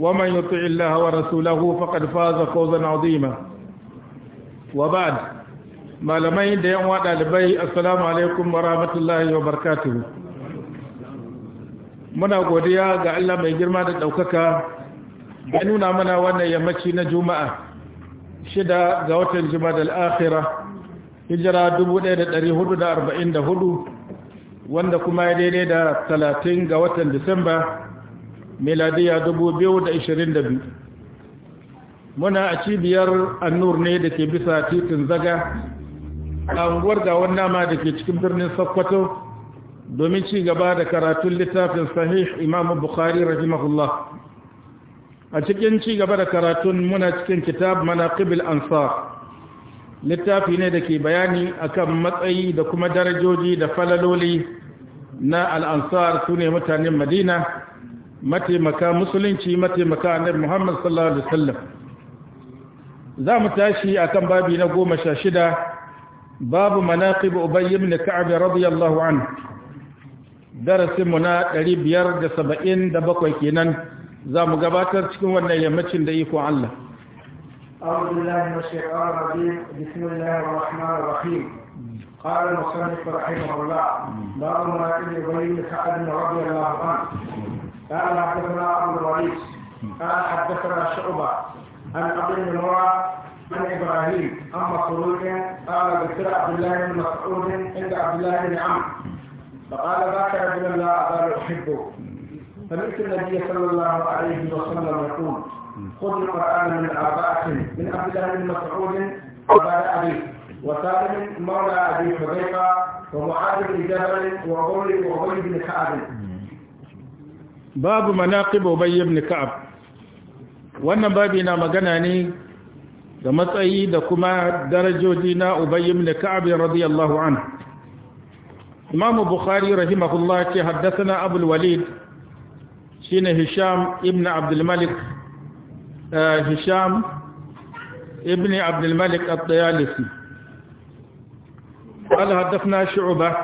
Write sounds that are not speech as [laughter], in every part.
ومن illa الله ورسوله فقد فاز فوزا عظيما وبعد malamai da yan wada dalibai assalamu alaikum wa rahmatullahi wa barakatuh muna godiya ga Allah mai girma da ɗaukaka. da nuna mana wannan yammaci na juma'a shida ga watan jumadal akhirah hijira 1444 wanda kuma ya daidai da talatin ga watan disamba miladiya 2022 muna a cibiyar annur ne da ke bisa titin zaga a unguwar nama da ke cikin birnin sokoto domin ci gaba da karatun littafin sahih imam bukhari rahimahullah a cikin ci gaba da karatun muna cikin kitab mana ƙibil ansar littafi ne da ke bayani akan matsayi da kuma darajoji da falaloli na al'ansar su ne mutanen madina mataimaka musulunci mataimaka annabi Muhammad sallallahu alaihi wasallam za mu tashi akan babi na goma sha shida babu manaqib ubay ibn ka'ab radiyallahu anhu darasin mu na 577 kenan za mu gabatar cikin wannan yammacin da iko Allah أعوذ بالله من الشيطان الرجيم بسم الله الرحمن الرحيم قال المصنف رحمه الله باب ما ابن ابي كعب رضي الله عنه قال حدثنا عبد الوليد قال حدثنا شعبة عن عبد المنوع عن إبراهيم عن مسروق قال ذكر عبد الله بن مسعود عند عبد الله بن عمرو فقال ذاك رجل لا أزال أحبه سمعت النبي صلى الله عليه وسلم يقول خذ القرآن من أربعة من عبد الله بن مسعود وبعد أبي وسالم مولى أبي حذيفة ومعاذ بن جبل وغول وغول بن كعب babu manaqib ubay ibn ka'ab wannan babi na magana ne da matsayi da kuma darajoji na ubay ibn ka'ab radiyallahu anhu imam bukhari rahimahullah ce haddathana abu walid shine hisham ibn abd al-malik hisham ibn abd al-malik at-tayalisi قال حدثنا شعبة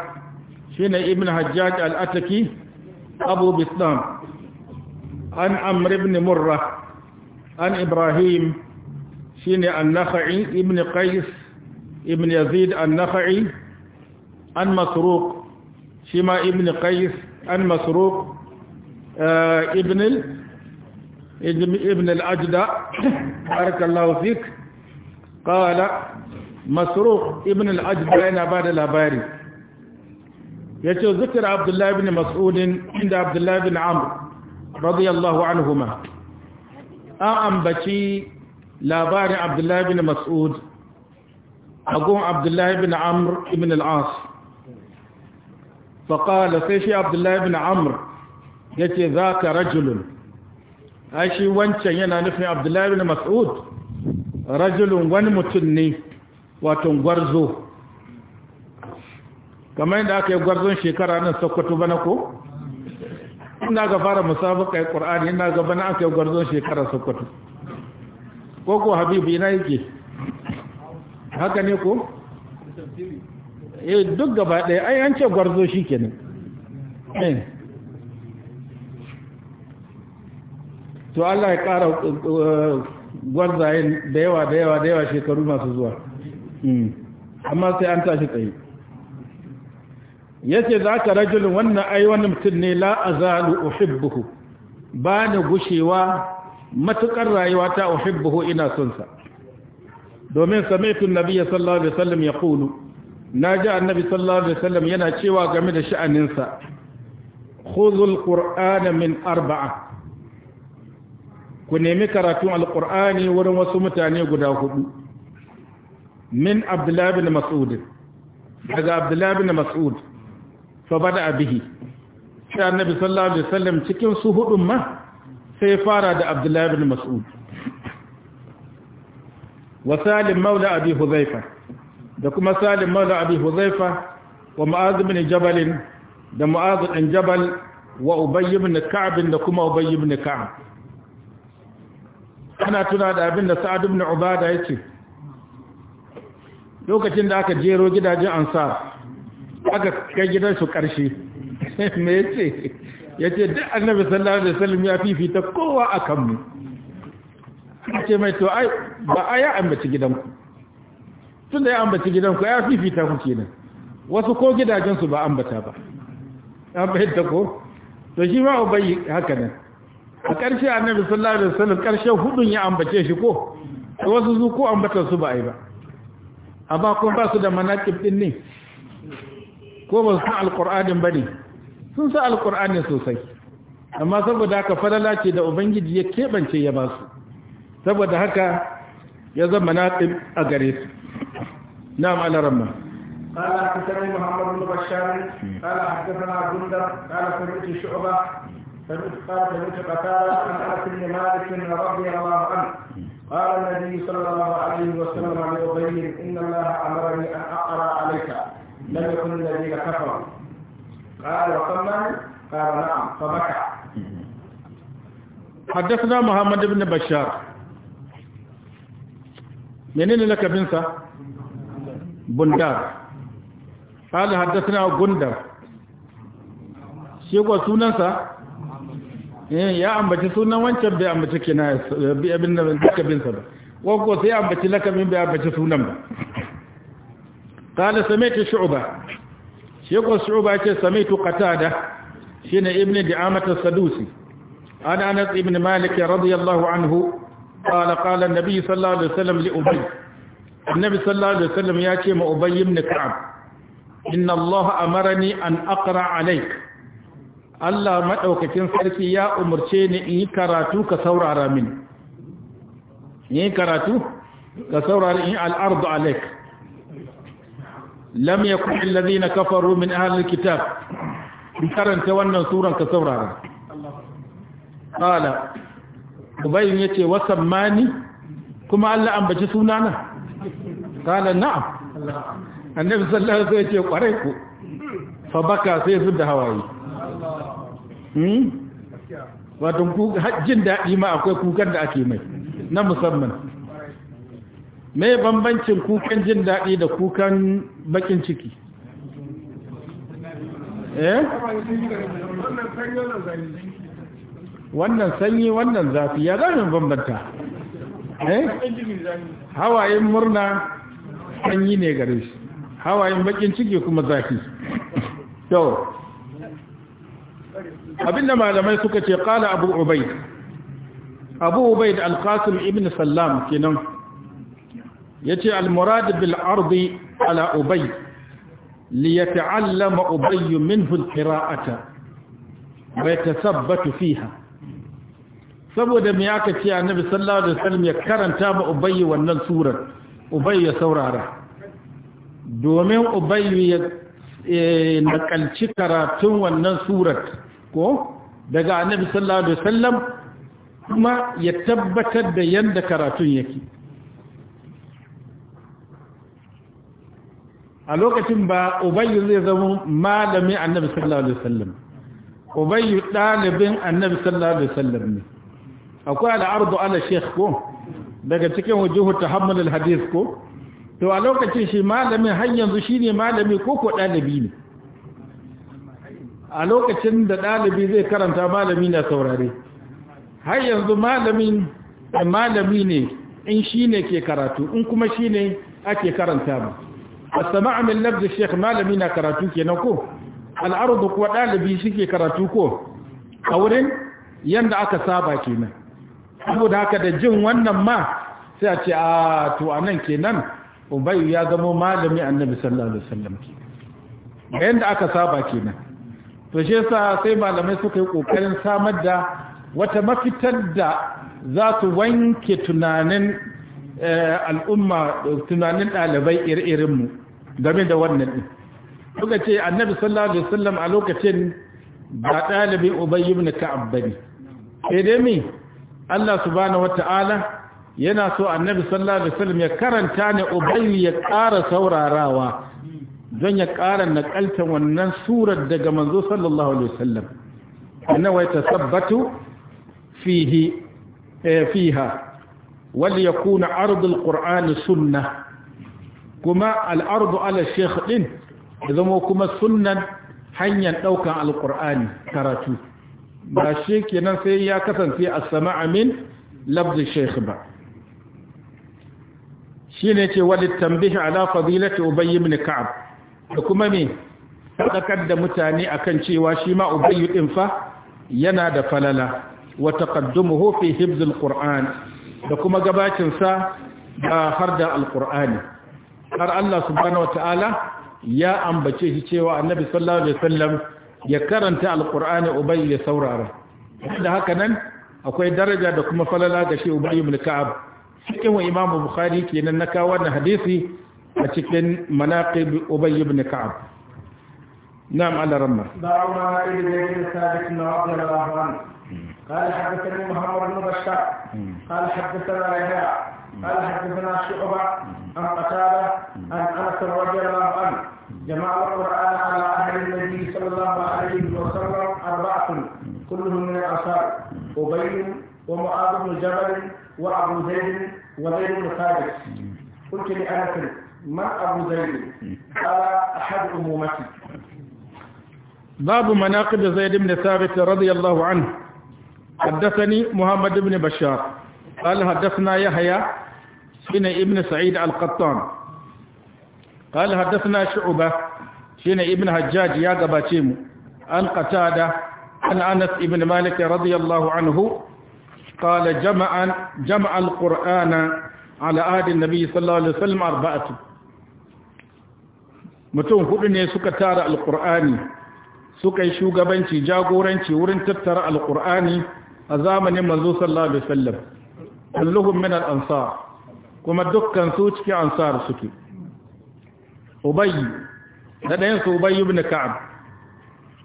شين ابن حجاج الأتكي أبو بسلام عن عمرو بن مرة عن إبراهيم شين النخعي ابن قيس ابن يزيد النخعي عن مسروق شما ابن قيس عن مسروق آه ابن ال... ابن الأجدى بارك الله فيك قال مسروق ابن الأجدى أنا بعد الأباري ya ce zikir abdullahi bin mas'udin inda abdullahi bin amur radiyallahu anhuma an ambaci labarin abdullahi bin mas'ud agun abdullahi bin amur ibn al'as faƙala sai shi abdullahi bin amur ya ce za ka rajulun a shi wancan yana nufin abdullahi bin mas'ud rajulun wani mutum ne wato gwarzo kamar yadda aka yi gwarzon shekara nan sokoto bana ko ina ga fara musabaka ƙur'ani ina ga bana aka yi gwarzon shekara sokoto ko ko habibu ina yake haka ne ko eh duk gaba ɗaya ai an ce gwarzo ke nan eh. to Allah ya ƙara eh, gwarzayen da yawa da yawa da yawa shekaru masu zuwa hmm. amma sai an tashi tsaye yace zaka rajulun wannan ai wani mutum ne la azalu uhibbuhu ba ni gushewa matukar rayuwa ta uhibbuhu ina son sa domin sami'tu an-nabiy sallallahu alaihi wasallam yaqulu naji annabi sallallahu alaihi wasallam yana cewa game da sha'anin sa khudhul qur'ana min arba'a ku nemi karatun alqur'ani wurin wasu mutane guda hudu min abdullahi bin mas'ud daga abdullahi bin mas'ud fa bada bihi sai annabi sallallahu alaihi wasallam cikin su hudun ma sai fara da abdullahi ibn mas'ud wa salim maula abi huzaifa da kuma salim maula abi huzaifa wa mu'adh ibn jabal da mu'adh ibn jabal wa ubay ibn ka'b da kuma ubay ibn ka'b ana tuna da abin da sa'ad ibn ubada yace lokacin da aka jero gidajen ansar aka kai gidan su karshe [laughs] me yace yace duk annabi sallallahu alaihi wasallam ya fifita kowa akan mu ce mai to ai ba aya ya ambaci gidanku tun da ya ambaci gidanku ya fifita ku kenan wasu ko gidajensu ba ambata ba an bayyanta ko to shi ma ubayi haka nan a ƙarshe annabi sallallahu alaihi wasallam ƙarshe hudun ya ambace shi ko wasu su ko ambata su ba ai ba amma kun ba su da manaqib din ne ko ba su san alƙur'anin ba ne sun san alƙur'anin sosai amma saboda haka falala ce da ubangiji ya keɓance ya ba su saboda haka ya zama naɗin a gare su na'am alaramma قال حدثني محمد بن بشار قال حدثنا جندر قال سمعت شعبه سمعت قال سمعت قتاده عن انس بن مالك رضي الله عنه قال النبي صلى الله عليه وسلم لابي ان الله امرني ان اقرا عليك لم يكن الذين كفروا قال وقمن قال نعم فبكى حدثنا محمد بن بشار منين لك بنسى بندار قال حدثنا بندر shi kuwa sunansa ya ambaci sunan wancan bai ambaci kinaya abin da lakabinsa ba ko sai ambaci lakabin bai ambaci sunan ba قال سمعت شعبة شيخ شعبة سمعت قتادة شين ابن دعامة السدوسي عن أنس ابن مالك رضي الله عنه قال قال النبي صلى الله عليه وسلم لأبي النبي صلى الله عليه وسلم ياتي ما أبي بن كعب إن الله أمرني أن أقرأ عليك Allah maɗaukakin sarki ya umarce ni in yi karatu ka saurara min. In yi karatu ka saurara in al'ardu alaik. lam yakun alladhina kafaru min ahli alkitab karanta wannan suran ka saurara qala ubayyin yace wasammani kuma Allah ambaci sunana qala na'am annabi sallallahu alaihi wasallam yace kware ku fa baka sai zuda da hawaye hmm wato ku jin dadi ma akwai kukan da ake mai na musamman me bambancin kukan jin daɗi da kukan bakin ciki eh wannan sanyi wannan zafi ya zafin bambanta eh hawayen murna sanyi ne gare shi hawayen bakin ciki kuma zafi to abinda malamai suka ce kala abu ubaid abu ubaid al ibn sallam kenan yace al-murad bil ardi ala ubay li min ubay minhu al bai wa yatathabbatu fiha saboda me aka ce nabi sallallahu alaihi wasallam ya karanta ba ubay wannan surar ubay ya saurara domin ubay ya eh, nakalci karatun wannan surar ko daga nabi sallallahu alaihi wasallam kuma ya tabbatar da yadda karatun yake a lokacin ba ubayyu zai zama malami annabi sallallahu alaihi wasallam ubayyu dalibin annabi sallallahu alaihi wasallam ne akwai al'ardu ala sheikh ko daga cikin wujuhu tahammul alhadith ko to a lokacin shi malamin har yanzu shine malami ko ko dalibi ne a lokacin da dalibi zai karanta malami na saurare har yanzu malamin malami ne in shine ke karatu in kuma shine ake karanta ba as-sama'u min lafzi sheikh malami na karatu kenan ko al'ardu kuwa dalibi shike karatu ko a wurin yanda aka saba kenan saboda haka da jin wannan ma sai a ce a to anan kenan ubayyu ya zama malami annabi sallallahu alaihi wasallam yanda aka saba kenan to shi yasa sai malamai suka yi ƙoƙarin samar da wata mafitar da za su wanke tunanin al'umma tunanin ɗalibai iri-irinmu game da wannan din suka ce annabi sallallahu alaihi wasallam a lokacin ba ɗalibin ubayy ibn ka'ab bane sai dai me Allah subhanahu wata'ala yana so annabi sallallahu alaihi wasallam ya karanta ne ubayy ya ƙara saurarawa don ya ƙara naƙalta wannan surar daga manzo sallallahu alaihi wasallam annawa ya tasabbatu fihi eh, fiha wal yakuna ardul qur'ani sunnah kuma al'ardu ala sheikh ɗin, ya zama kuma sunnan hanyar ɗaukan alƙur'ani karatu ba shi kenan sai ya kasance a sama amin labdi sheikh ba shi ne ce wani tambihi ala fadilati ubayy ibn ka'ab da kuma me sadakar da mutane akan cewa shi ma ubayy ɗin fa yana da falala wa taqaddumuhu fi hibz alquran da kuma gabacin sa da har da Al-ƙur'ani. har Allah subhanahu wataala ya ambace shi cewa annabi sallallahu alaihi wasallam ya karanta alqur'ani ubay ya saurara da haka nan akwai daraja da kuma falala ga shi ubay ibn ka'ab cikin wa imam bukhari kenan na kawo wannan hadisi a cikin manaqib ubay ibn ka'ab نعم على رمى باب ما ابن ثابت بن عبد الله عنه قال حدثني محمد بن بشار قال حدثنا يحيى قال حدثنا شعبة عن قتادة عن أنس رضي الله عنه جمع القرآن على أهل النبي صلى الله عليه وسلم أربعة كلهم من الأنصار أبي ومعاذ بن جبل وأبو زيد وزيد بن ثابت قلت لأنس من أبو زيد؟ قال أحد أمومتي باب مناقب زيد بن ثابت رضي الله عنه حدثني محمد بن بشار قال حدثنا يحيى شين ابن سعيد القطان قال حدثنا شعبة شين ابن حجاج يا قباتيم القتادة عن أنس ابن مالك رضي الله عنه قال جمعا جمع القرآن على عهد النبي صلى الله عليه وسلم أربعة متون فقني سك تارى القرآن سك يشوق بنتي جاقورن تورن تترى القرآن أزامن من صلى الله عليه وسلم كلهم من الأنصار kuma dukkan su cikin ansar suke ubayy da ɗayan su ubayy ibn ka'ab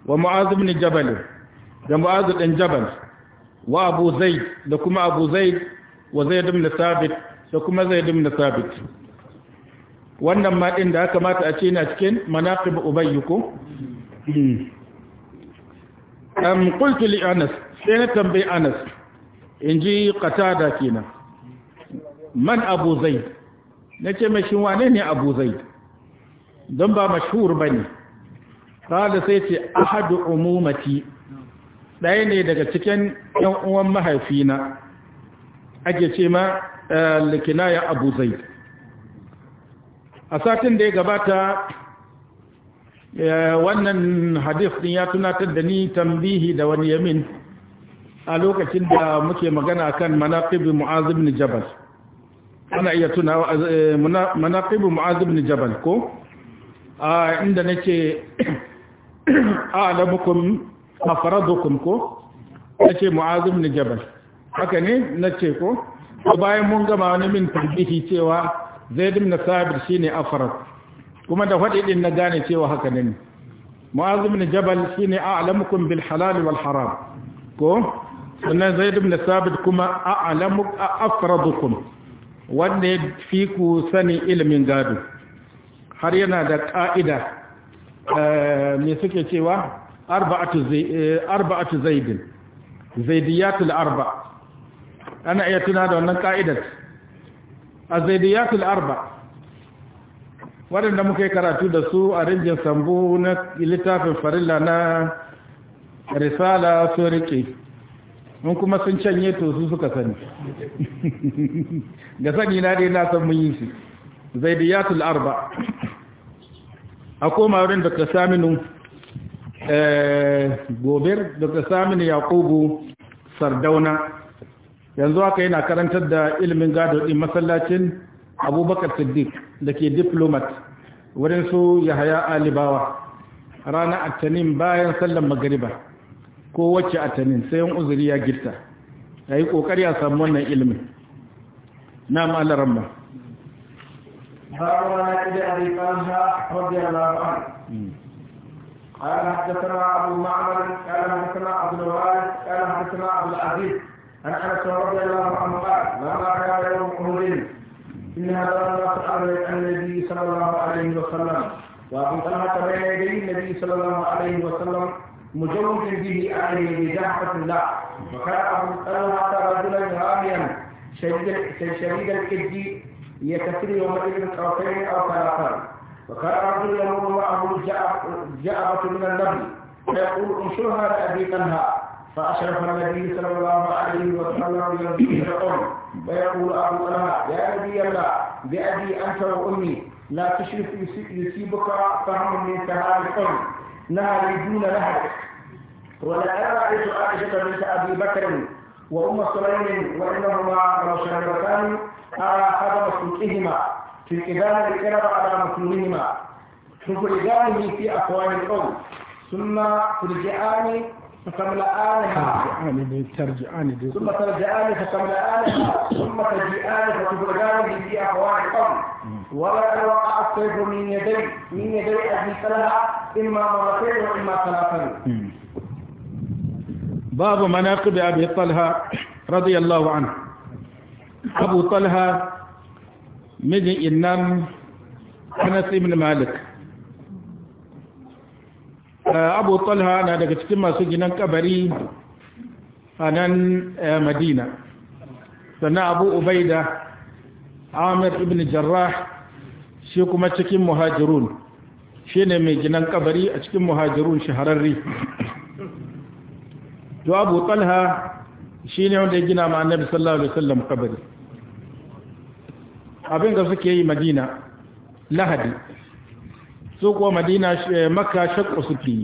wa mu'az ibn jabal da mu'az ɗin jabal wa abu zai, da kuma abu zai wa zai ibn sabit da kuma zai ibn sabit wannan ma ɗin da aka mata a ce na cikin manaqib ubayy ko am qultu li anas sai na tambayi anas In inji qatada kenan man abu zai na ce mashi wane ne abu zai don ba mashhur ba ne kada sai ce ahadu umumati ɗaya ne daga cikin ‘yan uwan mahaifina ake ce ma eh, likinaya abu zai a satin da ya gabata eh, wannan hadis din ya tunatar da ni tambihi da wani yamin a lokacin da muke magana kan manaqib mu'az ibn jabal ana iya tuna eh, manaqibu mu'adh ibn jabal ko a inda nake [clears throat] a'lamukum afradukum ko nace mu'adh ibn jabal haka ne ce ko to bayan mun gama wani min tarbihi cewa zaid ibn sabir shine afrad kuma da fadi na gane cewa haka ne mu'adh ibn jabal shine a'lamukum bil halal wal haram ko sannan zai ibn sabir kuma a'lamukum afradukum wanda ya fi ku sani ilimin gado har yana da ƙa'ida eh, mai suke cewa eh, arba'atu zaidin zaidiyatul arba ana iya tuna da wannan ƙa'idar a zaidiyatul arba waɗanda muka yi karatu da su a rinjin sambo na littafin farilla na risala sun riƙe mun kuma sun canye to su suka sani ga sani na dai na san mun yi su zaidiyatul arba a koma wurin dr saminu eh, gobir dr saminu yakubu sardauna yanzu haka yana karantar da ilimin gado din masallacin abubakar siddiq da ke diplomat wurin su yahaya alibawa rana attanin bayan sallan magariba ko wacce a tanin sai yin uzuri ya girta a kokari a samu wannan ilimin na ma'alarar ma قال حدثنا أبو معمر قال حدثنا عبد الوارث قال حدثنا عبد العزيز عن أنس رضي الله عنه قال لما كان يوم أحد إن هذا الناس أمر النبي صلى الله عليه وسلم وأبو طلحة بين يدي النبي صلى الله عليه وسلم مجوز به أهل بدعوة الله وكان أبو طلحة رجلا راميا شديد شديد الكد يكسر يومئذ الاثنين أو ثلاثا وكان رجل يمر معه جعبة من النبي فيقول انشرها لأبي طلحة فأشرف النبي صلى الله عليه وسلم إلى الأم ويقول أبو طلحة يا نبي الله بأبي أنت وأمي لا تشرف يصيبك فهم من كهان الأم نهر دون نهر أرى رأيت عائشة بنت أبي بكر وأم سليم وإنهما لو شربتان أرى آه، قدم سوقهما في قدام الكرب على مكنونهما في في أقوال القوم ثم ترجعان فتملأانها آه، ترجعان ثم ترجعان فتملأان ثم تجيئان فتبرجان في قبل ولا وقع السيف من يدي من يدي أبي سلمة إما مرتين وإما ثلاثا باب مناقب أبي طلحة رضي الله عنه أبو طلحة من إنام أنس بن مالك Eh, abu talha na daga cikin masu ginan kabari a nan eh, madina sannan abu ubaida amir ibn jarra shi kuma cikin muhajirun shi ne mai ginan kabari a cikin muhajirun shahararri to abu talha shi ne wanda ya gina ma annabi sallallahu alaihi wasallam kabari abin da suke yi madina lahadi su kuwa madina eh, makka shakku suke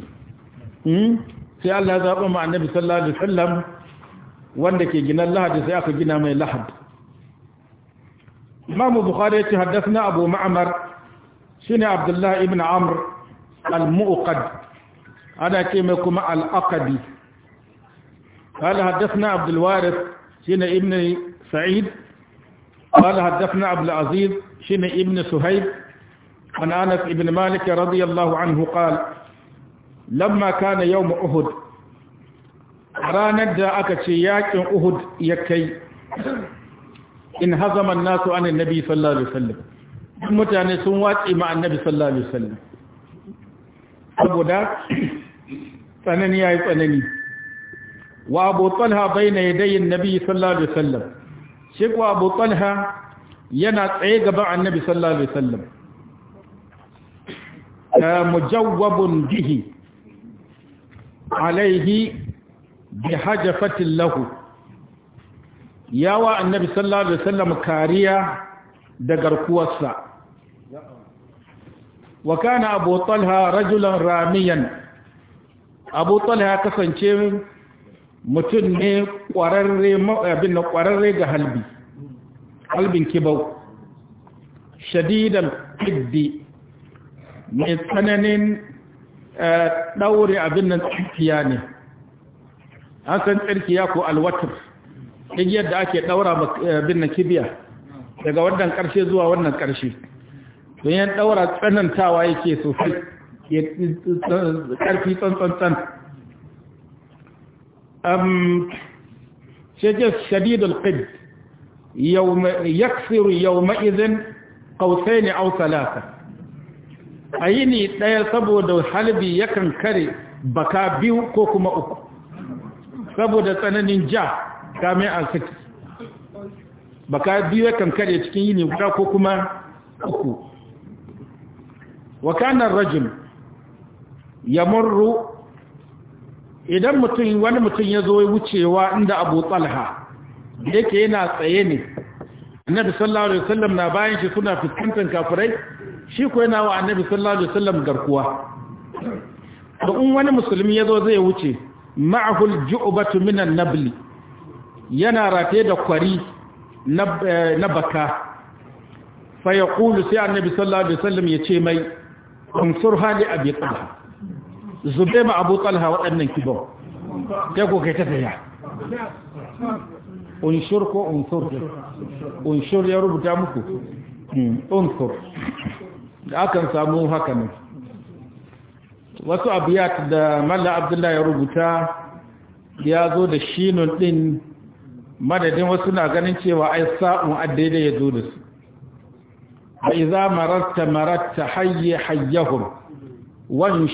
hmm? sai Allah ya zaɓa ma annabi sallallahu alaihi wasallam wanda ke ginan lahadi sai aka gina mai lahad imam bukhari yace haddathna abu ma'mar shine abdullah ibn amr al-muqad ana ce mai kuma al-aqadi قال حدثنا عبد الوارث شين ابن سعيد قال حدثنا عبد العزيز شين ابن سهيب عن أنس بن مالك رضي الله عنه قال لما كان يوم أهد ranar da aka ce yakin Uhud ya kai in hazama nasu an annabi sallallahu alaihi wasallam mutane sun watsi ma annabi sallallahu alaihi wasallam saboda tsanani yayi tsanani wa Abu Talha baina yadayin annabi sallallahu alaihi wasallam shi ko Abu Talha yana tsaye gaban annabi sallallahu alaihi wasallam mujawwabun bihi alaihi bi hajafatin lahu wa annabi sallallahu alaihi wasallam kariya da garkuwarsa wa kana abu talha rajulan ramiyan abu talha kasance mutum ne kwararre abin ga halbi halbin kibau shadidan hiddi mai tsananin eh, ɗaure abin nan tsirkiya ne an san tsirkiya ko alwatar ɗin yadda ake ɗaura eh, abin nan kibiya daga wannan ƙarshe zuwa wannan ƙarshe don yin ɗaura tsanantawa yake sosai ƙarfi tsantsantsan shekis shadidul ƙid yaksiru yau ma'izin ƙausai ne au talata a yini ɗaya saboda halibi yakan kare baka biyu ko kuma uku saboda tsananin ja kame a saki baka biyu yakan kare cikin yini guda ko kuma uku wakanan rajin ya murru idan mutum wani mutum ya zo wucewa inda abu tsalha yake yana tsaye ne annabi sallallahu alaihi wasallam na bayan shi suna fuskantar kafirai shi ko yana wa annabi sallallahu alaihi wasallam garkuwa to in wani musulmi yazo zai wuce ma'ahu al-ju'batu min an-nabl yana rataye da kwari eh, na baka fa yaqulu sai annabi sallallahu alaihi wasallam yace mai kunsur hali abi talha zube ma abu talha waɗannan kibo kai ko kai tafiya unshur ko unsur unshur ya rubuta muku hmm, unsur da akan samu haka ne wasu abiyat da malla abdullahi ya rubuta ya zo da shinun din madadin wasu na ganin cewa ai sa'un addaidai ya zo da su a iza maratta maratta hayye hayyahum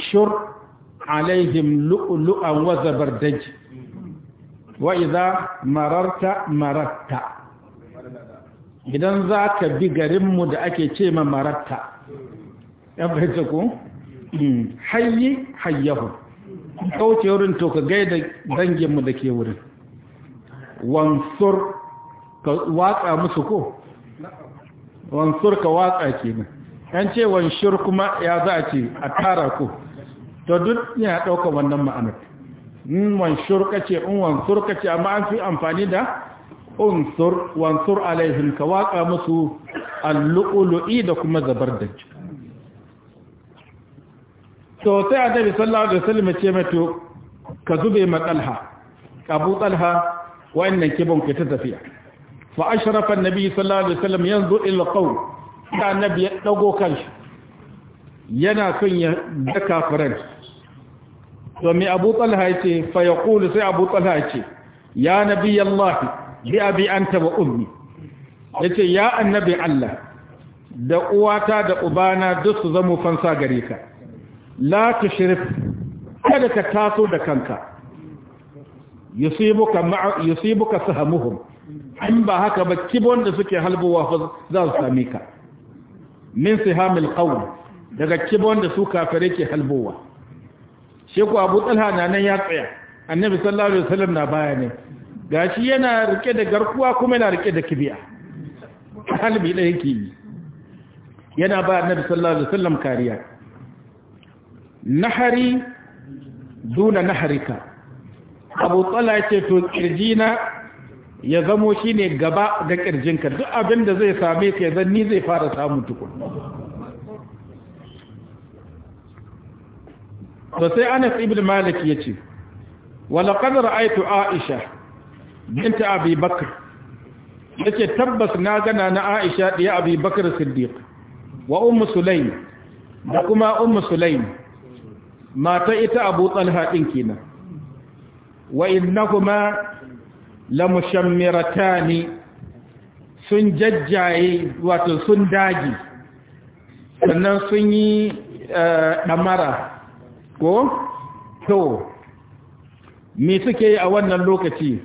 shur alaihim lu'lu'an wa zabardaji wa iza mararta maratta idan za ka bi garinmu da ake ce ma maratta ya fahimta ko hmm. hayyi hayyahu kauce wurin to ka gaida danginmu da ke wurin wansur ka watsa musu ko wansur ka watsa nan. an ce wanshur kuma ya za a ce a tara ko to duk yana ɗauka wannan ma'anar in wanshur ka ce in wansur ka ce amma an fi amfani da wansur alaihin ka watsa musu allu'ulu'i da kuma zabardaj to a dabi sallallahu da salima ya ce mato ka zube ma talha abu talha wannan kibon ka ta tafiya fa ashrafa annabi sallallahu alaihi wasallam yanzu ila qawl da annabi ya dago kanshi yana son ya daka kafiran to mai abu ya ce fa ya yaqulu sai abu ya ce ya nabi allah bi abi anta wa ummi ce ya annabi allah da uwata da ubana duk su zama fansa gare ka la tushrif kada ka taso da kanka yusibuka ma'a yusibuka sahamuhum in ba haka ba kibon da suke halbowa fa za su same ka min sihamil qawl daga kibon da su kafare ke halbowa sheku abu talha na nan ya tsaya annabi sallallahu alaihi wasallam na baya ne gashi yana rike da garkuwa kuma yana rike da kibiya halbi da yake yi yana ba annabi sallallahu alaihi wasallam kariya nahari duna naharika abu tsala ce to kirjina ya zamo shi ne gaba ga kirjinka duk abin da zai same ka yanzu ni zai fara samun tukun to sai anas ibn malik ya ce walaƙad ra'aitu aisha binta abi bakr yace tabbas na gana na aisha ɗaya abi bakr siddiq wa ummu sulaim da kuma ummu sulaim mata ita abu talha ɗin kenan wa innahuma lamushammiratani sun jajjaye wato sun dagi sannan sun yi eh, ɗamara ko to me suke yi a wannan lokaci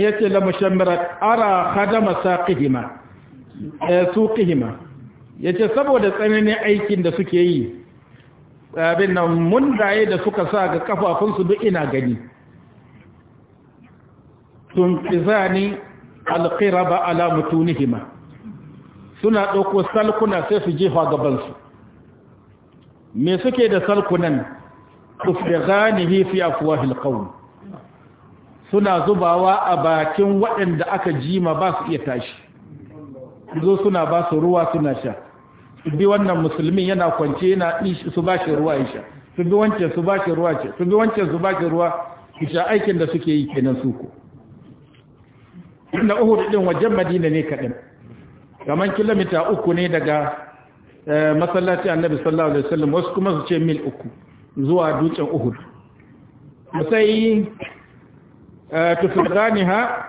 ya ce lamushammirat ara hadama su eh, ƙihima ya ce saboda tsananin aikin da suke yi abin nan mun mundaye da suka sa ga kafafunsu duk ina gani sun kizani alqiraba ala mutunihima suna ɗauko salkuna sai su jefa gabansu me suke da salkunan tufriganihi fi afwahil qawm suna zubawa a bakin waɗanda aka jima ba su iya tashi zo suna ba su ruwa suna sha su bi wannan musulmin yana kwance yana su ba shi ruwa isha su bi wancan su ba shi ruwa ce su bi wancan su ba shi ruwa isha aikin da suke yi kenan su ko na uhud din wajen madina ne kadan. kamar kilomita uku ne daga eh, masallaci annabi sallallahu alaihi wasallam wasu kuma su ce mil uku zuwa dutsen uhud sai eh, tufirganiha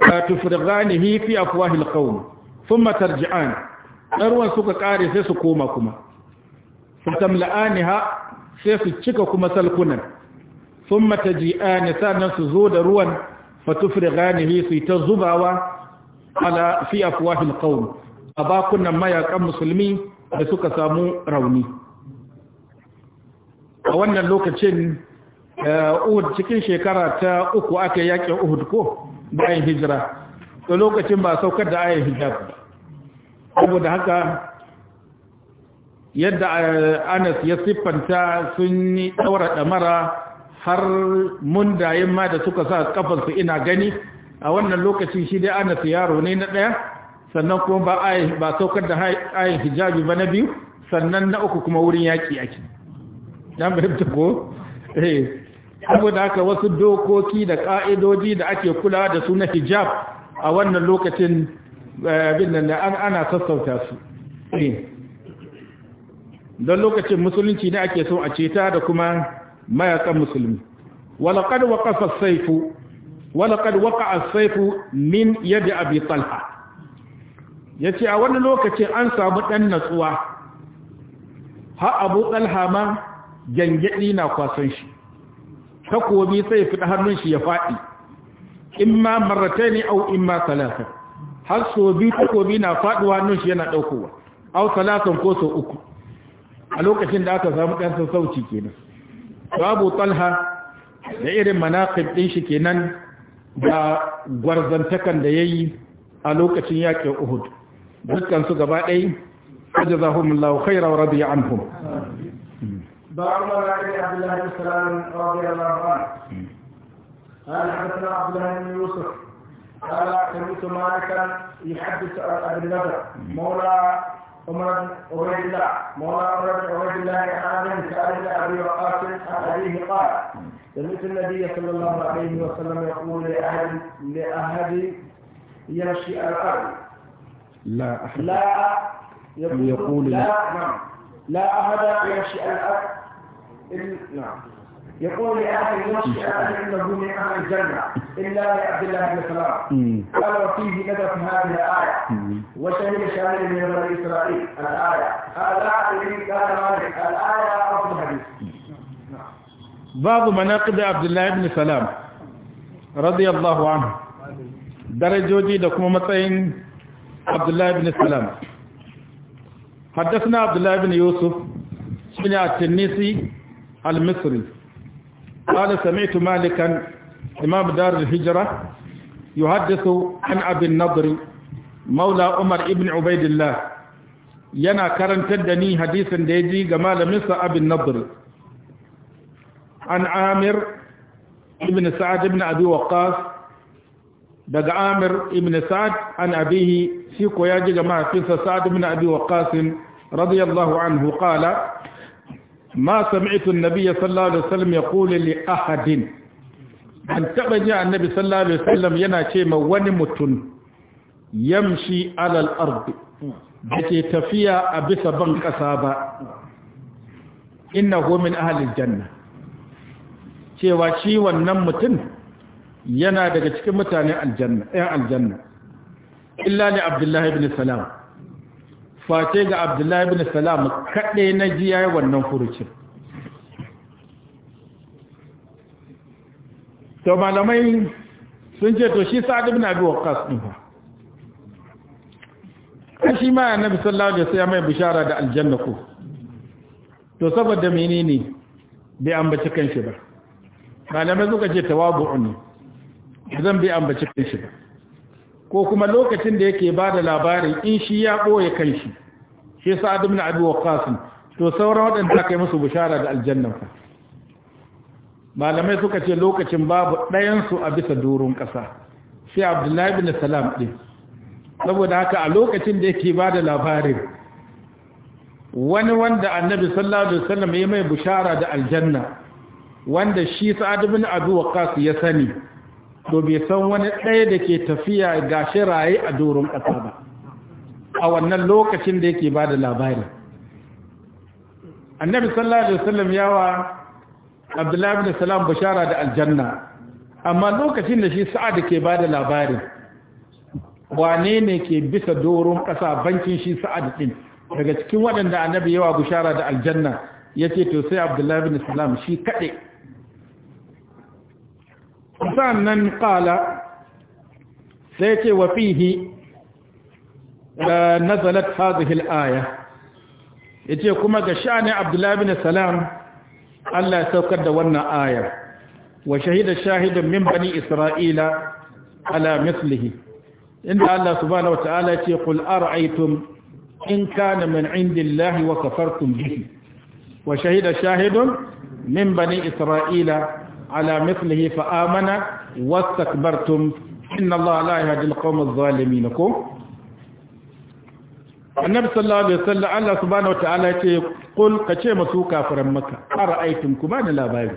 eh, tufirganihi fi afwahil qawm thumma tarji'an ɗarwan suka ƙare sai su koma kuma ha sai su cika kuma salkunan sun mata mataji'ani sannan su zo da ruwan fatufriganihi su ta zubawa ala fi afwahil qawm a bakunan mayakan musulmi da suka samu rauni a wannan lokacin eh, Uhud cikin shekara ta uku aka yakin Uhud ko bayan hijira da lokacin ba saukar da ayin hijab ba saboda haka yadda eh, anas ya siffanta sun yi ɗaura ɗamara har mundayen ma da suka sa kafansu ina gani a wannan lokacin shi dai anas yaro ne na ɗaya sannan kuma ba ba saukar da ayin hijabi ba na biyu sannan na uku kuma wurin yaƙi ake ya fahimta ko eh, saboda haka wasu dokoki da ƙa'idoji da ake kulawa da su na hijab a wannan lokacin abin nan ana sassauta su eh. don lokacin musulunci ne ake so a ceta da kuma mayakan musulmi walaƙad waƙa saifu walaƙad waƙa saifu min yadda abi talha ya ce a wani lokacin an samu ɗan natsuwa ha abu talha ma gyangyaɗi na kwasan shi takobi sai fi hannun shi ya faɗi in ma marata ne au in ma talata har so biyu takobi na faduwa hannun shi yana daukowa au salatan ko so uku a lokacin da aka samu dan sauci kenan babu talha da irin manaqib din shi kenan da gwarzantakan da yayi a lokacin yakin Uhud dukkan su gaba ɗaya ajazahumullahu wa radiya anhum بعض مالك عبد الله بن سلام رضي الله عنه قال حدثنا عبد الله بن Yusuf. قال سمعت مالكا يحدث ابي النضر مولى عمر بن عبيد الله مولى عمر بن عبيد الله عن سأل ابي وقاص عن ابيه قال سمعت النبي صلى الله عليه وسلم يقول لاهل لاهل يمشي الارض لا احد لا يقول, يقول لا, لا, نعم. لا احد يمشي الارض نعم يقول نفسي المشي إنه من أهل الجنة إلا لعبد الله بن سلام قال وفيه نذر هذه الآية وشهد شاهد من بني إسرائيل الآية الآية قال مالك الآية أو الحديث بعض مناقب عبد الله بن سلام رضي الله عنه درجوجي دكما متين عبد الله بن سلام حدثنا عبد الله بن يوسف سمع التنيسي المصري قال سمعت مالكا إمام دار الهجرة يحدث عن أبي النضر مولى عمر ابن عبيد الله ينا كرن تدني حديثا ديجي جمال مصر أبي النضر عن عامر ابن سعد ابن أبي وقاص دق عامر ابن سعد عن أبيه شيكو ياجي جماعة قصة سعد ابن أبي وقاص رضي الله عنه قال ma sami'tu an-nabiy sallallahu alaihi wasallam yaqulu li ahadin an taba ji annabi sallallahu alaihi wasallam yana ce ma wani mutum yamshi alal ardi dake tafiya a bisa ban kasa ba innahu min ahlil janna cewa ciwon nan mutum yana daga cikin mutanen aljanna ɗayan aljanna illa abdullahi salam face ga abdullahi bin salam kaɗai na ji ya yi wannan furucin to malamai sun ce to shi sa'ad bin abi waqqas din fa shi ma annabi sallallahu alaihi wasallam mai bishara da aljanna ko to saboda menene bai ambaci kanshi ba malamai suka ce tawabu'un zan bai ambaci kanshi ba ko kuma lokacin da yake ba da labarin in shi ya ɓoye kan shi shi sa'ad ibn abi waqqas to sauran waɗanda aka yi musu bishara da aljanna fa malamai suka ce lokacin babu ɗayansu a bisa durun ƙasa sai abdullahi bin salam din saboda haka a lokacin da yake ba da labarin wani wanda annabi sallallahu alaihi wasallam ya mai bishara da aljanna wanda shi sa'ad ibn abi waqqas ya sani to bai san wani ɗaya da ke tafiya ga shiraye raye a doron ƙasa ba a wannan lokacin da yake ba da labari annabi sallallahu alaihi wasallam yawa abdullahi bin salam bashara da aljanna amma lokacin da shi sa'ad ke ba da labari wane ne ke bisa doron ƙasa bankin shi sa'ad din daga cikin waɗanda annabi yawa bushara da aljanna ya ce to sai abdullahi bin salam shi kade sannan qala sai ce wa fihi nazalat hadhihi al-aya yace kuma ga sha'ani abdullahi bin salam Allah ya saukar da wannan ayar wa shahida shahidun min bani isra'ila ala mislihi inda Allah subhanahu wataala yace qul ara'aytum in kana min indillahi wa kafartum bihi wa shahida shahidun min bani isra'ila على مثله فآمن واستكبرتم إن الله لا يهدي القوم الظالمين annabi sallallahu alaihi wasallam Allah subhanahu wataala ce kul kace masu kafiran maka ara'aytum kuma da labari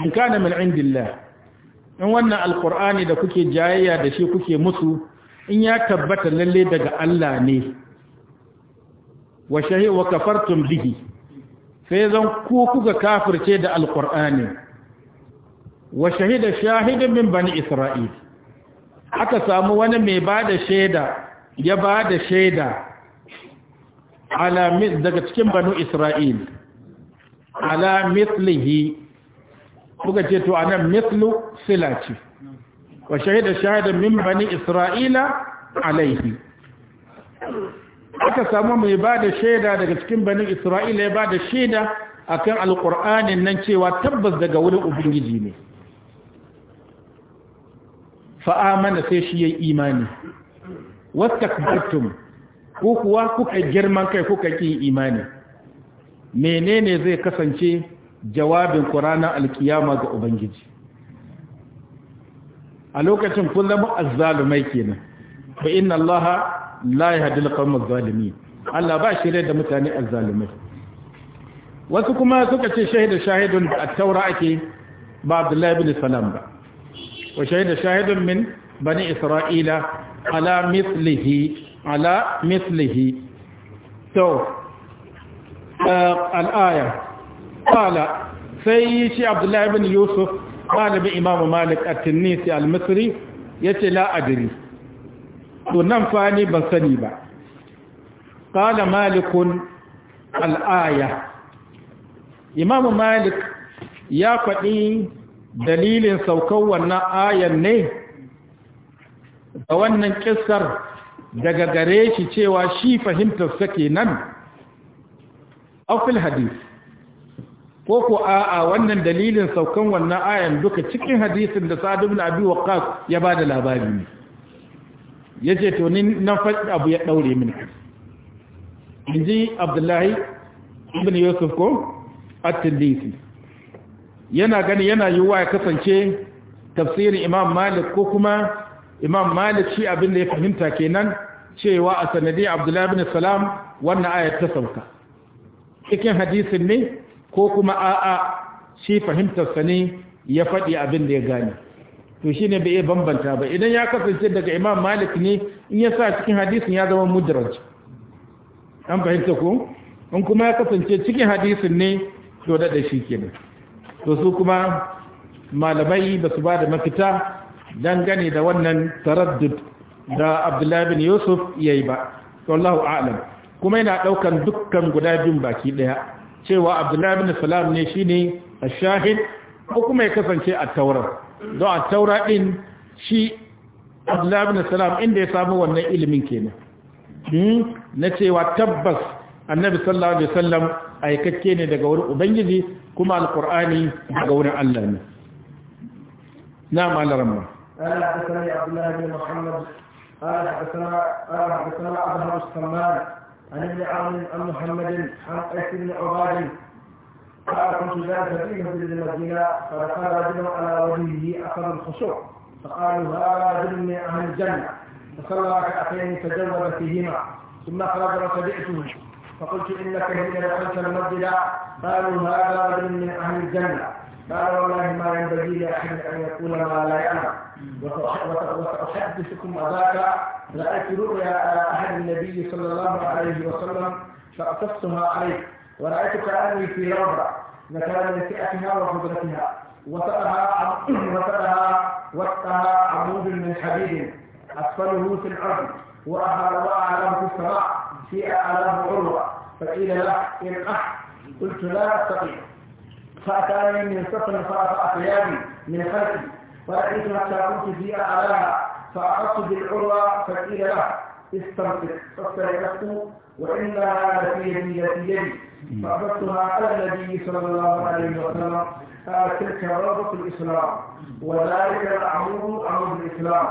in kana min indillah in wannan alqur'ani da kuke jayayya da shi kuke musu in ya tabbata lalle daga Allah ne wa shahi wa kafartum bihi sai zan ku kuka kafirce da Alƙur'ani wa shahida shahidin min bani isra'il aka samu wani mai ba da shaida ya ba da shaida daga cikin bani isra'il ala mislihi kuka ce to anan mislu silaci wa shahida shahidin min bani isra'ila alaihi aka samu mai ba da shaida daga cikin banin isra'ila ya ba da shaida kan alƙur'anin nan cewa tabbas daga wurin ubangiji ne mana sai shi ya imani wastakbartum ko kuwa kuka girman kai kuka ƙi imani menene zai kasance jawabin ƙuranar alkiyama ga ubangiji a lokacin kun zama azzalumai kenan fa'in Allah la yahdil qawmaz zalimin Allah ba shirye da mutane azzalumai wasu kuma suka ce shahida shahidun taura ake ba Abdullahi Salam ba wa shahidun min bani Isra'ila ala ala to eh, al sai shi Abdullahi Yusuf ɗalibin imamu Malik at-Tunisi al-Misri yace to nan fa ni ban sani ba qala malikun al-aya imamu malik ya faɗi dalilin saukan wannan ayan ne da wannan kissar daga gare shi cewa shi fahimtarsa nan? afil hadith ko ko a'a wannan dalilin saukan wannan ayan duka cikin hadisin da sa'ad ibn abi waqqas ya bada labari ne ya ce to ni nan faɗi abu ya ɗaure mini in ji abdullahi ibn yusuf ko at yana gani yana yiwuwa ya kasance tafsirin imam malik ko kuma imam malik shi abin da ya fahimta kenan cewa a sanadin abdullahi ibn salam wannan ayat ta sauka cikin hadisin ne ko kuma a'a shi fahimtarsa ne ya faɗi abin da ya gane to ne bai iya bambanta ba idan ya kasance daga imam malik ne in ya sa cikin hadisin ya zama mudraj an fahimta ko in kuma ya kasance cikin hadisin ne to da shi kenan to su kuma malamai ba su ba da mafita dangane da wannan taraddud da abdullahi bin yusuf ya yi ba allahu a'lam kuma yana daukan dukkan guda biyun baki daya cewa abdullahi bin salam ne shine ashahid ko kuma ya kasance a taurar don a taura din shi abdullahi bin salam inda ya samu wannan ilimin kenan hmm? na cewa tabbas annabi sallallahu alaihi wasallam aikakke ne daga wurin ubangiji kuma alqur'ani daga wurin Allah ne na malaramma قال حدثنا عبد الله بن محمد قال حدثنا قال حدثنا عبد الله بن سلمان عن ابن عون عن محمد عن قيس بن عباد قال كنت جالسا في مسجد المدينه فدخل رجل على وجهه اثر الخشوع فقالوا هذا رجل من اهل الجنه فصلى ركعتين تجوز فيهما ثم خرج وتبعته فقلت انك إذا دخلت المسجد قالوا هذا رجل من اهل الجنه قال والله ما ينبغي لاحد ان يقول ما لا يعلم وساحدثكم ذاك رايت رؤيا على احد النبي صلى الله عليه وسلم فاقتصتها عليه ورأيتك أني في روضه ذكر لفئتها وفضلتها وسطها وسطها وسطها عمود من حديد أسفله في الأرض وأعلاه في السماء في أعلاه عروة فقيل له إن أح قلت لا أستطيع فأتاني من سفن فاتى اقيامي من خلفي فرأيت حتى كنت في أعلاها فأخذت بالعروة فقيل له استمسك فاستيقظت وإنها لفي التي يلي فأخذتها على النبي صلى الله عليه وسلم تلك رغبة الإسلام وذلك الأمر أمر الإسلام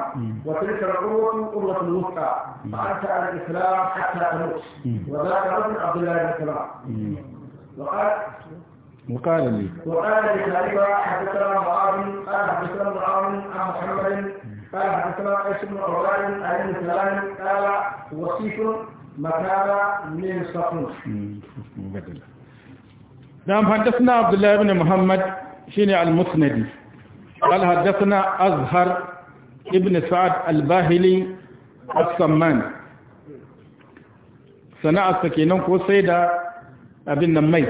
وتلك القوة قوة الوفقى فأنت على الإسلام حتى تموت وذاك رجل عبد الله بن سلام وقال وقال لي وقال لي خليفة حدثنا معاذ قال حدثنا معاذ عن محمد قال حدثنا قيس بن عروان عن ابن سلام قال وصيف makara min safin dan hadathna abdullah ibn muhammad shine al-musnadi qala hadathna azhar ibn sa'd al-bahili as-samman sana'a sakinan ko sayda abin nan mai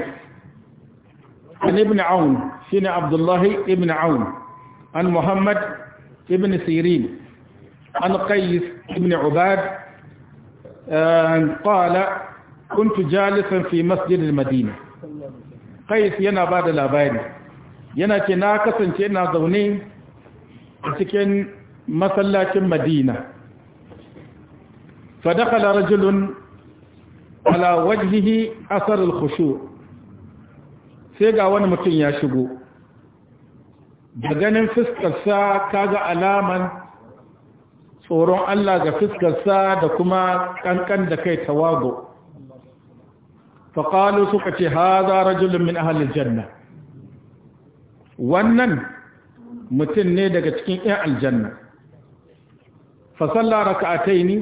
an ibn aun shine abdullah ibn aun an muhammad ibn sirin an qais ibn ubad قال كنت جالسا في مسجد المدينة قيس ينا بعد الأباني ينا كنا كسن كنا ضوني سكن مسلاة مدينة فدخل رجل على وجهه أثر الخشوع سيقى وانا متن يا شبو بغنن فسك الساعة كذا علاما tsoron Allah ga fiskarsa da kuma kankan da kai tawago faƙalu suka ce haza rajulun min ahalin janna wannan mutum ne daga cikin 'yan aljanna fasalla raka'atai ni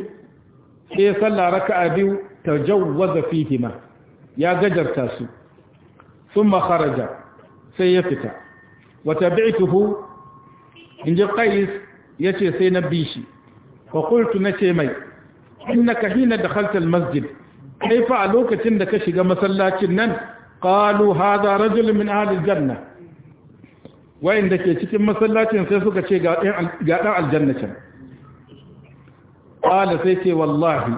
sai salla raka'a biyu ta jawwaza fihima ya gajarta su sun makaraja sai ya fita wata bi'tuhu in ji qais ya ce sai na bishi fa na ce mai innaka hina dakhalta almasjid kai fa a lokacin da ka shiga masallacin nan qalu hadha rajul min ahli aljanna wayanda ke cikin masallacin sai suka ce ga dan aljanna can qala sai ce wallahi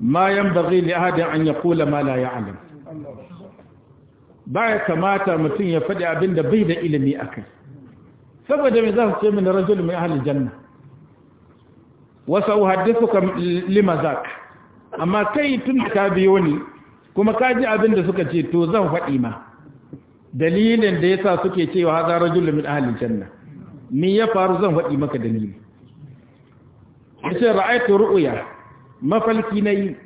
ma yanbaghi li ahadin an ya ma la ya'lam ba ya kamata mutum ya faɗi abin da bai da ilimi akai saboda me za su ce min rajul min ahli janna? wasa uhaddithuka limazak amma kai tun da ka biyo ni kuma ka ji abin da suka ce to zan faɗi ma dalilin da yasa suke cewa haza rajul min ahli janna me ya faru zan faɗi maka dalili yace ra'aytu ru'ya mafalki nayi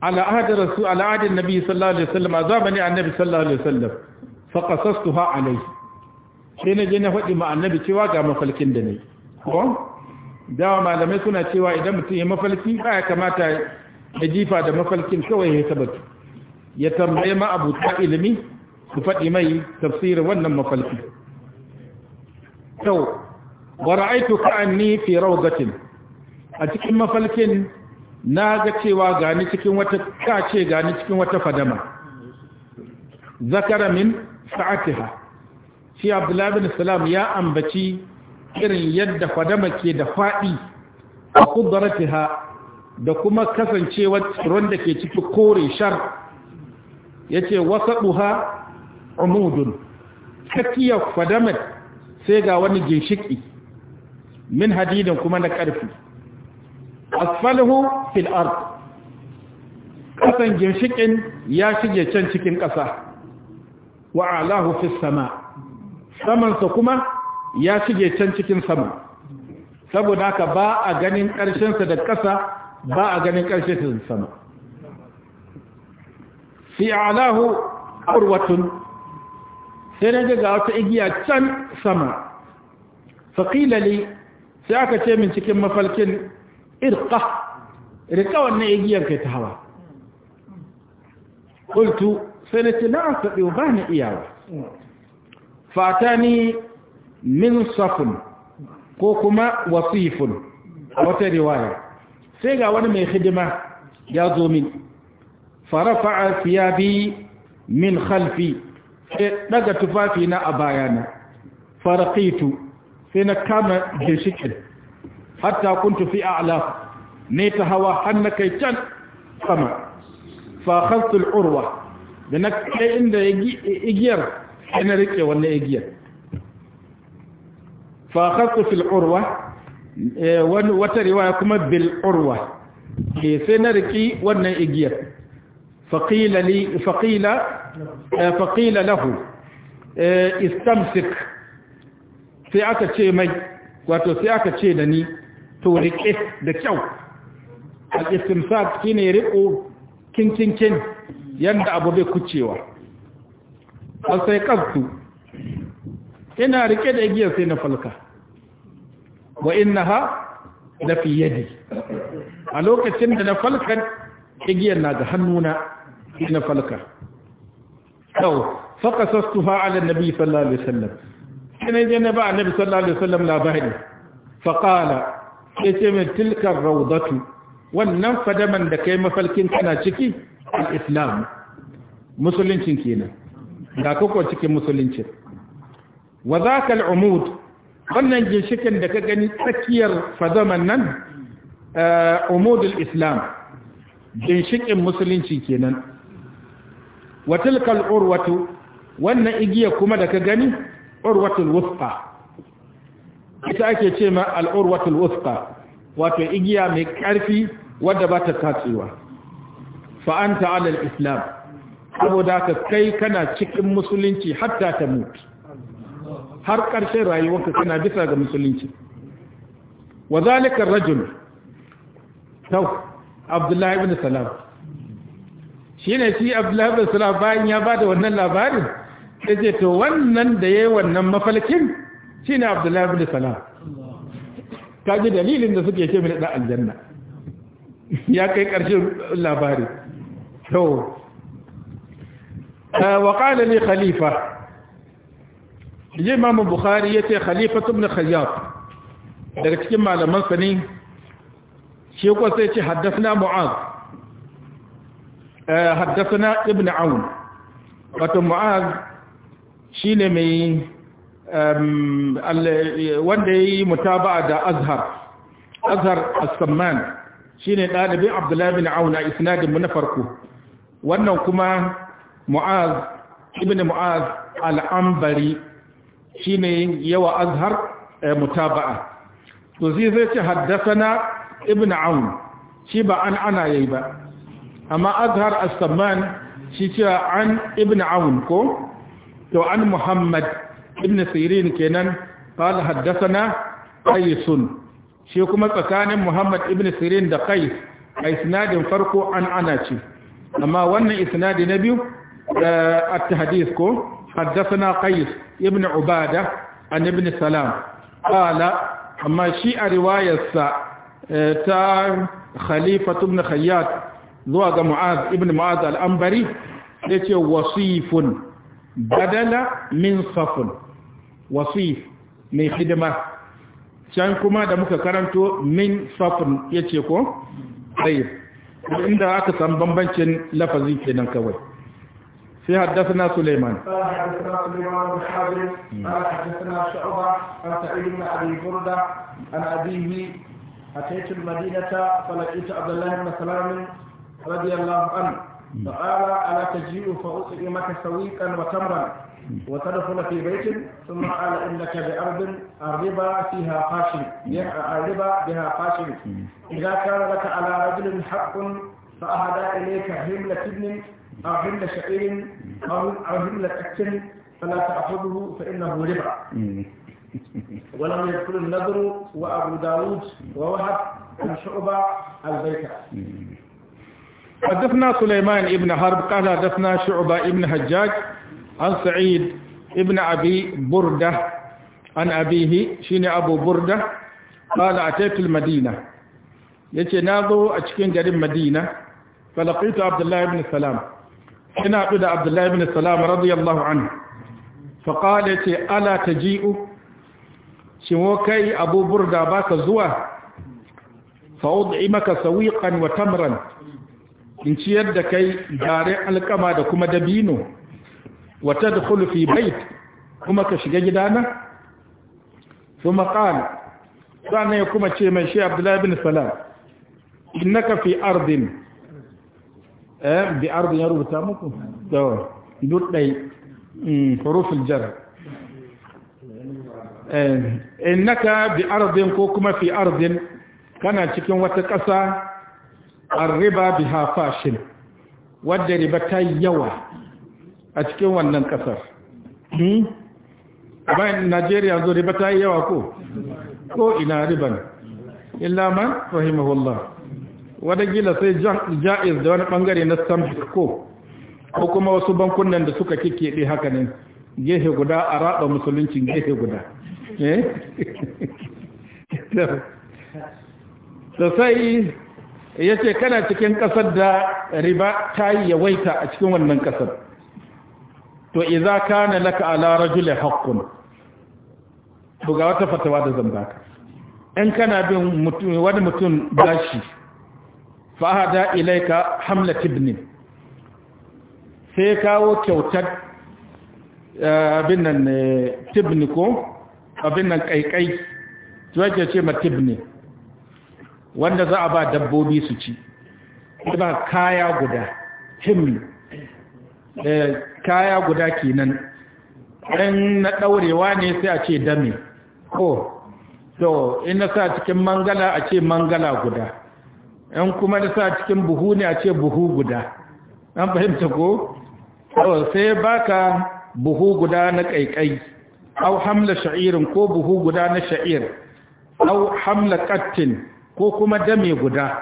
ala ahdi rasul ala ahdi nabi sallallahu alaihi wasallam azabani annabi sallallahu alaihi wasallam fa qasastuha alayhi sai na je na faɗi ma annabi cewa ga mafalkin da ne ko dawa malamai suna cewa idan mutum ya mafalki ba ya kamata ya jifa da mafalkin kawai ya sabatu ya tambaye ma abuta ilimi su faɗi mai tafsirin wannan mafalki kyau ka ra'aitu ka'anni fi rawdatin a cikin mafalkin na ga cewa gani cikin wata kace gani cikin wata fadama zakara min sa'atiha shi abdullahi bin salam ya ambaci irin yadda fadama ke da faɗi a ha da kuma kasancewa tsiron da ke ciki kore shar ya ce wasa ɗuha umudun tsakiyar fadamar sai ga wani ginshiki min hadidin kuma na ƙarfi asfalhu fil ard kasan ginshikin ya shige can cikin ƙasa wa'alahu sama samansa kuma ya shige can cikin sama saboda haka ba a ganin ƙarshensa da ƙasa ba a ganin ƙarshensa da sama fi alahu urwatun sai na ga wata igiya can sama faƙilali sai aka ce min cikin mafalkin irka rika wannan igiyar kai ta hawa kultu sai na ce na an ba na iyawa fata ni min safun ko kuma wasifun a wata riwaya sai ga wani mai hidima ya zo min farafa'a siyabi min khalfi sai daga tufafi na a bayana farafitu sai na kama ginshikin hatta kuntu fi a'la ne ta hawa hannu kai can sama fa urwa da na kai inda igiyar sai na rike wannan igiyar fa khassu fil urwa eh, wani wata riwaya kuma bil urwa ke sai na riki wannan igiyar faqila li faqila eh, faqila lahu eh, istamsik sai aka ce mai wato sai aka ce da ni to rike da kyau al-istimsak shine riƙo kinkinkin yanda abu bai kucewa sai kaftu ina rike da igiyar sai na falka wa innaha ha da yadi a lokacin da na falka igiyar na ga hannuna sai na falka sau sastu faqasastuha ala nabi sallallahu alaihi sallam. sai je na ba a annabi sallallahu alaihi wasallam labari faqala ce min tilka raudatu wannan fadaman da kai mafalkin kana ciki al-islam musuluncin kenan da kuka cikin musuluncin wa ka al'umud wannan ginshikin da ka gani tsakiyar fadaman nan eh, umudul islam ginshikin musulunci kenan wa tilka wannan igiya kuma da ka gani urwatul wusqa ita ake ce ma al'urwatul wusqa wato igiya mai ƙarfi wadda ba ta katsewa fa'anta al'al islam saboda ka kai kana cikin musulunci hatta ta mutu har ƙarshen rayuwarka kana bisa ga musulunci wa zalika rajul tau abdullahi ibn salam shine shi abdullahi ibn salam bayan ya bada wannan labarin sai ce to wannan da yayi wannan mafalkin shine abdullahi ibn salam kaji dalilin da suke ce mini da aljanna ya kai ƙarshen labari to wa qala li khalifa imam bukhari yace khalifa ibn khayyab daga cikin malaman sa ne shi ko sai ce haddathna mu'az eh, haddathna ibn aun wato mu'az shi ne mai wanda ya yi mutaba da azhar azhar as shi ne dalibin abdullahi ibn aun a isnadin mu na farko wannan kuma mu'az ibn mu'az al-ambari shine yawa azhar eh, mutaba'a to zai ce haddasana ibn aun shi ba an ana yayi ba amma azhar as-samman shi ce an ibn aun ko to an muhammad ibn sirin kenan qala haddathana qaisun shi kuma tsakanin muhammad ibn sirin da qais a isnadin farko an ana ce amma wannan isnadi na biyu eh, a tahdis ko حدثنا قيس ابن عبادة عن ابن سلام قال أما شيء رواية تا خليفة ابن خيات زواج معاذ ابن معاذ الأنبري يتي وصيف بدل من صف وصيف من خدمة can kuma da muka karanto min safin ya ce ko? ɗaya inda aka san bambancin lafazi kenan kawai في حدثنا سليمان قال حدثنا سليمان بن حرب قال حدثنا شعبة عن سعيد بن أبي بردة عن أبيه أتيت المدينة فلقيت عبد الله بن سلام رضي الله عنه فقال ألا تجيء فأطعمك سويقا وتمرا وتدخل في بيت ثم قال إنك بأرض الربا فيها قاشم الربا بها قاشم إذا كان لك على رجل حق فأهدى إليك هملة ابن أو هملة شعير أو أو هملة أكل فلا تأخذه فإنه ربا ولم يدخل النذر وأبو داود ووهب عن شعبة البيت حدثنا سليمان ابن حرب قال حدثنا شعبة ابن حجاج عن سعيد ابن أبي بردة عن أبيه شين أبو بردة قال أتيت المدينة yace na zo a cikin garin madina falaqita abdullahi ibn salam ina haɗu da abdullahi ibn salam radiyallahu anhu faƙale ce ala ta ji'u shiwo kai abu ba ka zuwa fa'ud'i maka sawiqan wa tamran in ciyar da kai garin alkama da kuma dabino wa tadkhulu fi bait kuma ka shiga gidana kuma qala sannan ya kuma ce mai shi abdullahi ibn fi ardin eh bi ardin ya rubuta muku to duk dai huruful jar eh, innaka bi ardin ko kuma fi ardin kana cikin wata ƙasa arriba biha fashin wadda riba ta yawa a cikin wannan ƙasar bayan hmm? najeriya zo riba ta yi yawa ko ko ina riban illa man rahimahullah gila sai ja'iz da wani bangare na stanbic ko ko kuma wasu bankunan da suka kikeɗe haka ne gehe guda a raba musuluncin gehe guda da eh? [laughs] sai ya ce kana cikin ƙasar da riba ta yi yawaita a cikin wannan ƙasar to iza kana laka ala rajulin haƙƙun buga wata fatawa da zambaka in kana bin wani mutum bashi fahada ilaika hamla tibni sai kawo kyautar eh, abin nan eh, tibni ko abin nan kaikai tuwaje ce ma tibni wanda za a ba dabbobi su ci ba kaya guda himli eh, kaya guda kenan ɗan na ɗaurewa ne sai a ce dame ko to in sa cikin mangala a ce mangala guda yan kuma da sa cikin buhu ne a ce buhu guda an fahimta ko sai baka buhu guda na ƙaiƙai au hamla sha'irin ko buhu guda na sha'ir au hamla kattin ko kuma dame guda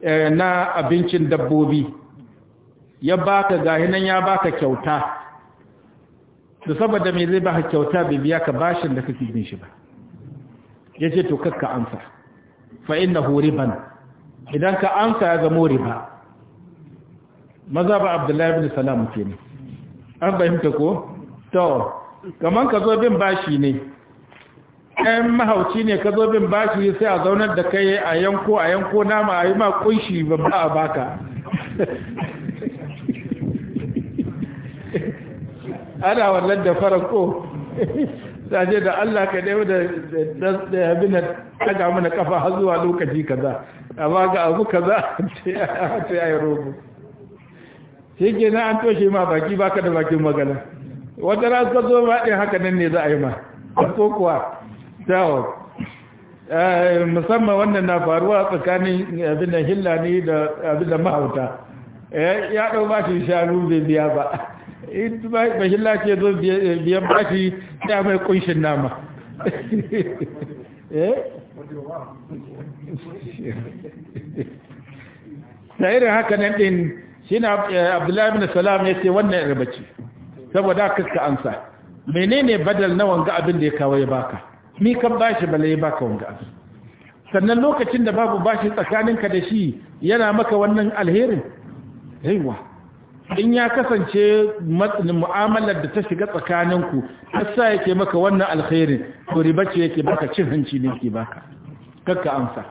eh, na abincin dabbobi ya baka nan ya baka kyauta da saboda me zai baka kyauta bai biya ka bashin da kake bin shi ba yace to kakka amsa fa innahu riban idan ka amsa ya zamo riba maza ba abdullahi bin salam ke ne an fahimta ko? to kamar ka zo bin bashi ne ɗan mahauci ne ka zo bin bashi sai a zaunar da kai a yanko a yanko nama a yi ma kunshi ba a baka ana wannan da farko saje da Allah ka ɗaya da abin da ɗaga mana kafa har zuwa lokaci kaza amma ga abu ka za a ce a yi rogo shi ke na an toshe ma baki baka da bakin magana wata ran ka zo maɗin haka nan ne za a yi ma ko kuwa tawo eh, musamman wannan na faruwa tsakanin eh, abin da hillani da abin da mahauta eh, ya ɗau ba shi shanu bai biya ba ba hilla ce zo biyan ba shi ta mai kunshin nama [laughs] da irin haka nan ɗin shi na eh, abdullahi bin salam ya ce wannan riba saboda kaska ansa menene badal na wanga abin da ya kawo ya baka ni kan bashi bala ya baka wanga abin sannan lokacin da babu bashi tsakaninka da shi yana maka wannan alherin haiwa in ya kasance mu'amalar da ta shiga tsakaninku sa yake maka wannan alkhairin to riba ce yake baka cin hanci ne ke baka kakka amsa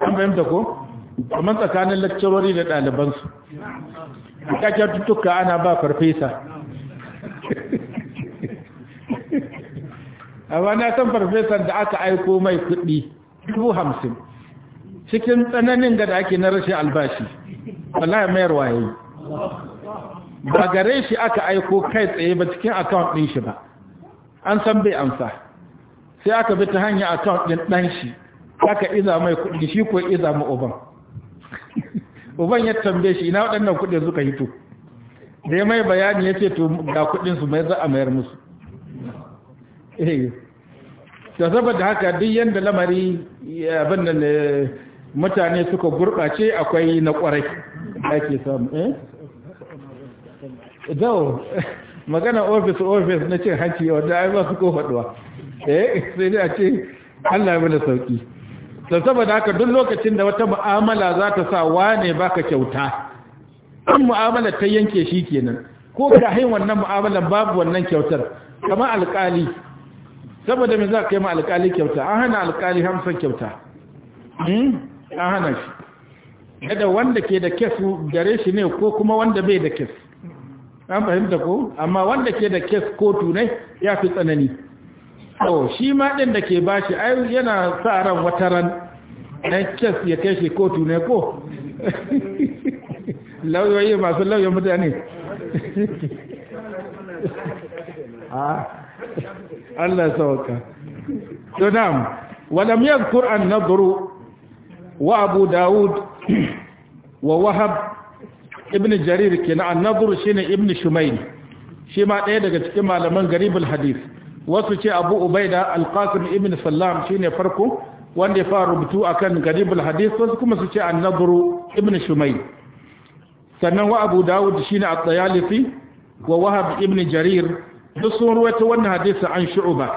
an fahimta ko kamar tsakanin lakcarori da ɗalibansu kakkyar tuttuka ana ba farfesa [laughs] amma na san farfesan da aka aiko mai kuɗi dubu cikin tsananin da ake na rashin albashi wallahi mayar waye ba gare shi aka aiko kai tsaye ba cikin account ɗin shi ba an san bai amsa sai aka bi ta hanyar account din dan shi aka iza mai kuɗi shi ko iza ma uban [laughs] uban ya tambaye shi ina waɗannan kuɗi suka hito da ya mai bayani ya ce to ga kudin su mai za a mayar musu eh da saboda haka duk yadda lamari abin da eh, mutane suka gurɓace akwai na ƙwarai ake samu eh zau magana ofis ofis na cin hanci wanda ai ba su ko faduwa eh sai dai a ce Allah ya bada sauki to saboda haka duk lokacin da wata mu'amala za ta sa wane baka kyauta in mu'amala ta yanke shi kenan ko ka hain wannan mu'amalan babu wannan kyautar kamar alƙali saboda me za ka yi ma alƙali kyauta an hana alƙali hamsin kyauta hmm? an hana shi kada wanda ke da kesu gare shi ne ko kuma wanda bai da kes an fahimta ko amma wanda ke da kes kotu ne ya fi tsanani to shi ma ɗin da ke bashi ai yana sa ran wata ran na kes ya kai shi kotu ne ko [laughs] lauyoyi masu lauyoyin mutane [laughs] ah, Allah sauka to an nadru wa Abu daud [clears throat] wa Wahab. ibn jarir kenan annabur shine ibn shumayl shi ma ɗaya daga cikin malaman garibul hadith wasu ce abu ubaida alqasim ibn sallam shine farko wanda ya fara rubutu akan garibul hadith wasu kuma su ce annabur ibn shumayl sannan wa abu dawud shine at-tayalisi wa wahab ibn jarir duk sun ruwaito wannan hadisi an shu'ba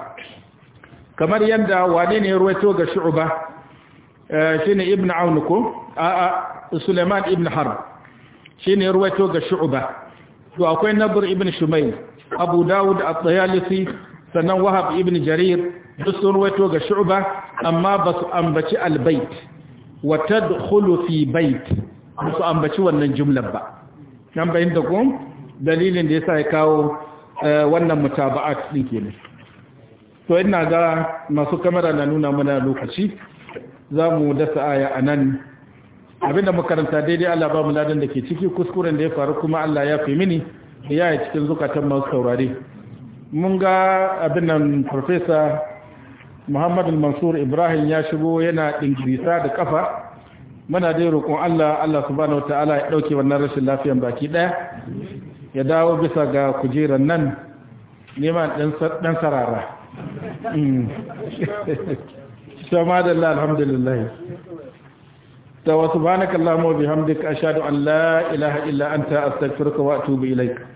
kamar yanda wane ne ya ruwaito ga shu'ba eh, shine ibn aun a'a suleiman ibn harb ne ruwaito ga Shu'uba, to akwai nabur ibn shumayl abu dawud at-tayalisi sannan wahab ibn jarir duk sun ruwaito ga Shu'uba, amma ba su ambaci al-bait wa tadkhulu fi bait ba su ambaci wannan jumlar ba nan bayin da kun dalilin da yasa ya kawo eh, wannan mutaba'at din kenan to ina ga masu kamera na nuna mana lokaci za mu dasa aya anan abinda makaranta daidai Allah ba mu ladan da ke ciki kuskuren da ya faru kuma Allah ya fi mini ya yi cikin zukatan masu saurare mun ga abin nan farfesa Muhammad Mansur Ibrahim ya shigo yana dingirisa da kafa muna dai roƙon Allah Allah subhanahu wataala ya dauke wannan rashin lafiyan baki ɗaya ya dawo bisa ga kujeran nan neman dan sarara hmm. sama [laughs] da alhamdulillah wa subhanakallahumma wa bihamdika ashhadu an allah ilaha illa anta astaghfiruka wa atubu ilaik